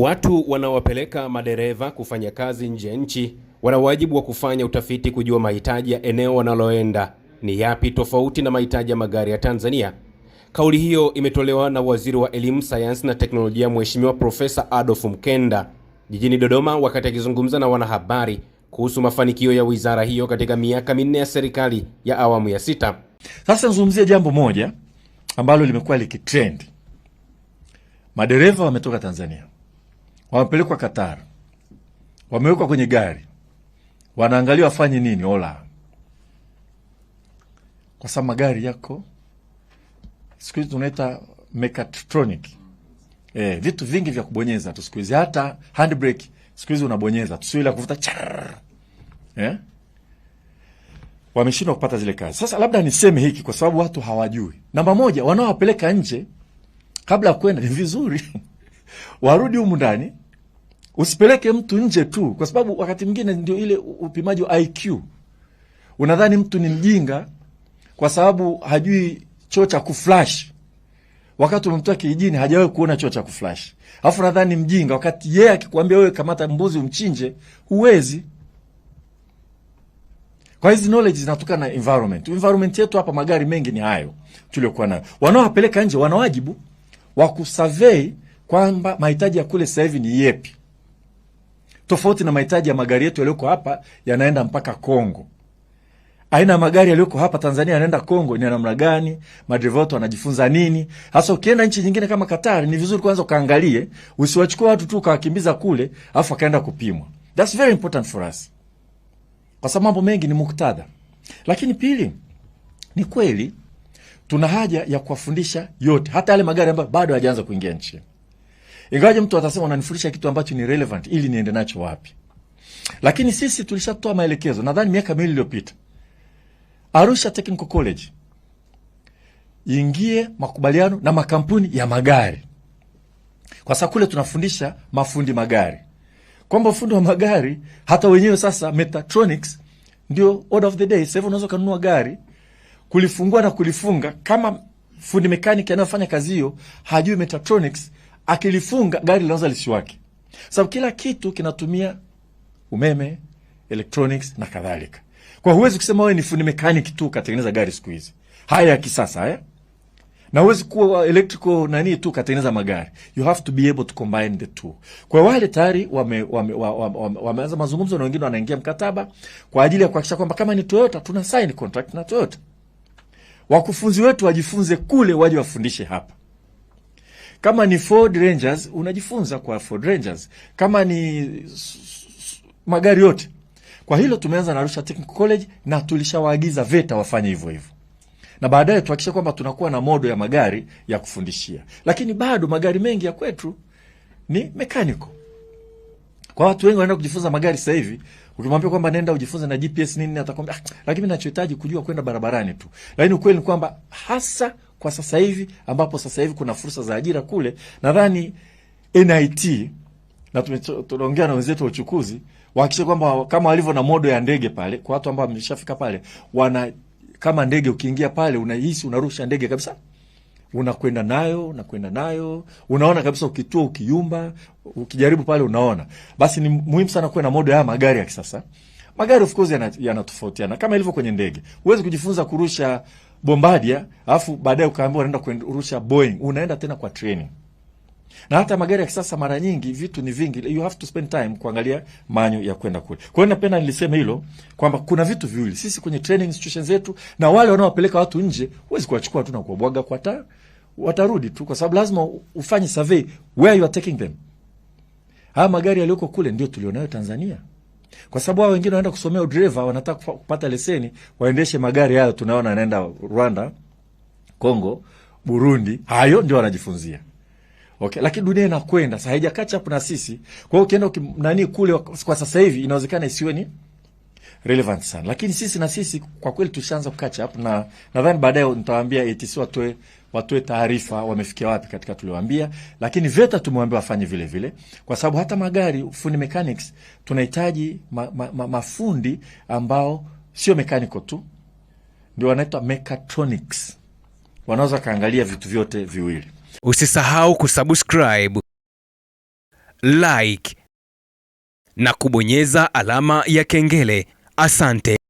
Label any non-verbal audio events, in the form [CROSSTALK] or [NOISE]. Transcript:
Watu wanaowapeleka madereva kufanya kazi nje ya nchi wana wajibu wa kufanya utafiti kujua mahitaji ya eneo wanaloenda ni yapi, tofauti na mahitaji ya magari ya Tanzania. Kauli hiyo imetolewa na Waziri wa Elimu, Sayansi na Teknolojia, Mheshimiwa Profesa Adolf Mkenda jijini Dodoma wakati akizungumza na wanahabari kuhusu mafanikio ya wizara hiyo katika miaka minne ya serikali ya awamu ya sita. Sasa nizungumzie jambo moja ambalo limekuwa likitrend. Madereva wametoka Tanzania wamepelekwa Qatar, wamewekwa kwenye gari, wanaangalia wafanye nini ola, kwa sababu magari yako siku hizi tunaita mechatronic eh, vitu vingi vya kubonyeza tu siku hizi, hata handbrake siku hizi unabonyeza tu, sio ile kuvuta char eh? Wameshindwa kupata zile kazi. Sasa labda niseme hiki kwa sababu watu hawajui. Namba moja, wanaowapeleka nje kabla ya kwenda ni vizuri [LAUGHS] warudi humu ndani Usipeleke mtu nje tu, kwa sababu wakati mwingine ndio ile upimaji wa IQ. Unadhani mtu ni mjinga kwa sababu hajui choo cha kuflash, wakati umemtoa kijijini hajawai kuona choo cha kuflash, alafu nadhani mjinga wakati yeye yeah, akikwambia wewe kamata mbuzi umchinje, huwezi. Kwa hizi knowledge zinatokana na environment. Environment yetu hapa, magari mengi ni hayo tuliokuwa nayo. Wanaowapeleka nje wana wajibu wa kusurvey kwamba mahitaji ya kule sasa hivi ni yepi tofauti na mahitaji ya magari yetu yaliyoko hapa yanaenda mpaka Kongo. Aina ya magari yaliyoko hapa Tanzania yanaenda Kongo ni namna gani? Madereva wetu wanajifunza nini? Hasa ukienda nchi nyingine kama Katari, ni vizuri kwanza ukaangalie, usiwachukua watu tu ukawakimbiza kule afu akaenda kupimwa. That's very important for us, kwa sababu mambo mengi ni muktadha. Lakini pili, ni kweli tuna haja ya kuwafundisha yote, hata yale magari ambayo bado hayajaanza kuingia nchini ingawaje mtu atasema unanifundisha kitu ambacho ni relevant ili niende nacho wapi? Lakini sisi tulishatoa maelekezo nadhani miaka miwili iliyopita, Arusha Technical College ingie makubaliano na makampuni ya magari, kwa sababu kule tunafundisha mafundi magari, kwamba ufundi wa magari hata wenyewe sasa mechatronics ndio order of the day. Sasa hivi unaweza ukanunua gari kulifungua na kulifunga, kama fundi mekaniki anayofanya kazi hiyo hajui mechatronics akilifunga gari linaanza lisiwake, sababu kila kitu kinatumia umeme, electronics na kadhalika. Kwa huwezi kusema wewe ni fundi mechanic tu katengeneza gari siku hizi haya ya kisasa haya, eh? na huwezi kuwa electrical nani tu katengeneza magari, you have to be able to combine the two. Kwa wale tayari wameanza wame, wame, wame, wame, wame mazungumzo na wengine wanaingia mkataba kwa ajili ya kuhakikisha kwamba kama ni Toyota tuna sign contract na Toyota, wakufunzi wetu wajifunze kule, waje wafundishe hapa. Kama ni Ford Rangers unajifunza kwa Ford Rangers, kama ni magari yote. Kwa hilo tumeanza na Arusha Technical College na tulishawaagiza VETA wafanye hivyo hivyo, na baadaye tuhakikisha kwamba tunakuwa na modo ya magari ya kufundishia, lakini bado magari mengi ya kwetu ni mechanical. Kwa watu wengi wanaenda kujifunza magari sasa hivi, ukimwambia kwamba nenda ujifunze na GPS nini, atakwambia ah, lakini nachohitaji kujua kwenda barabarani tu. Lakini ukweli ni kwamba hasa kwa sasa hivi, ambapo sasa hivi kuna fursa za ajira kule. Nadhani NIT na tunaongea na wenzetu wa uchukuzi wahakikishe kwamba kama walivyo na modo ya ndege pale, kwa watu ambao wameshafika pale, wana kama ndege, ukiingia pale unahisi unarusha ndege kabisa unakwenda nayo unakwenda nayo, unaona kabisa ukitua, ukiyumba, ukijaribu pale unaona. Basi ni muhimu sana kuwe na modo ya magari ya kisasa. Magari of course yanatofautiana, yana kama ilivyo kwenye ndege. Huwezi kujifunza kurusha Bombardier, alafu baadaye ukaambiwa unaenda kurusha Boeing, unaenda tena kwa treni. Na hata magari ya kisasa mara nyingi vitu ni vingi, you have to spend time kuangalia manyo ya kwenda kule. Kwa hiyo napenda nilisema hilo kwamba kuna vitu viwili, sisi kwenye training institutions zetu na wale wanaowapeleka watu nje, huwezi kuwachukua tu na kuwabwaga kwa taa, watarudi tu, kwa sababu lazima ufanye survey where you are taking them. Haya magari yaliyoko kule ndio tulionayo Tanzania kwa sababu hao wengine wanaenda kusomea udreva, wanataka kupata leseni waendeshe magari hayo. Tunaona anaenda Rwanda, Kongo, Burundi, hayo ndio wanajifunzia. Okay, lakini dunia inakwenda sasa, haija catch up na sisi. Kwa hiyo ukienda nani kule kwa sasa hivi inawezekana isiwe ni relevant sana, lakini sisi na sisi kwa kweli tushaanza kukatch up, na nadhani baadaye nitawaambia ATC watoe watoe taarifa wamefikia wapi katika tuliwaambia, lakini VETA tumewaambia wafanye vile vile, kwa sababu hata magari fundi mechanics tunahitaji ma, ma, ma, mafundi ambao sio mechanical tu, ndio wanaitwa mechatronics, wanaweza kaangalia vitu vyote viwili. Usisahau kusubscribe, like na kubonyeza alama ya kengele Asante.